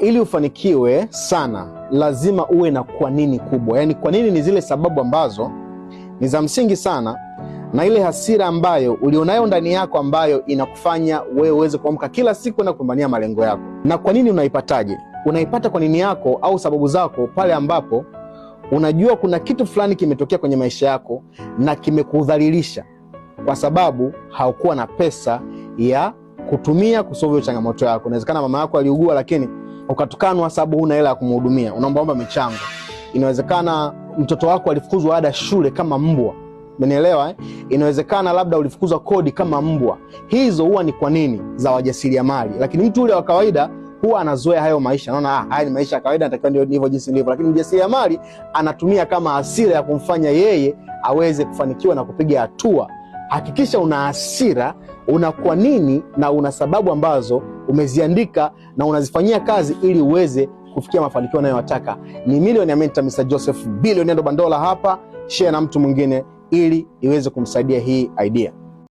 Ili ufanikiwe sana lazima uwe na kwa nini kubwa. Yaani, kwa nini ni zile sababu ambazo ni za msingi sana, na ile hasira ambayo ulionayo ndani yako ambayo inakufanya wewe uweze kuamka kila siku na kupambania malengo yako. Na kwa nini unaipataje? Unaipata kwa nini yako au sababu zako pale ambapo unajua kuna kitu fulani kimetokea kwenye maisha yako na kimekudhalilisha kwa sababu haukuwa na pesa ya kutumia kusolve changamoto yako. Inawezekana mama yako aliugua, lakini ukatukanwa sababu huna hela ya kumhudumia, unaombaomba michango. Inawezekana mtoto wako alifukuzwa ada shule kama mbwa, umenielewa eh? Inawezekana labda ulifukuzwa kodi kama mbwa. Hizo huwa ni kwa nini za wajasiriamali, lakini mtu ule wa kawaida huwa anazoea hayo maisha, naona ah, haya ni maisha ya kawaida, natakiwa ndio hivyo jinsi nilivyo. Lakini mjasiriamali anatumia kama hasira ya kumfanya yeye aweze kufanikiwa na kupiga hatua. Hakikisha una hasira, una kwa nini na una sababu ambazo umeziandika na unazifanyia kazi ili uweze kufikia mafanikio unayotaka. Ni Millionaire Mentor Mr. Joseph Billionaire Bandola hapa, share na mtu mwingine ili iweze kumsaidia hii idea.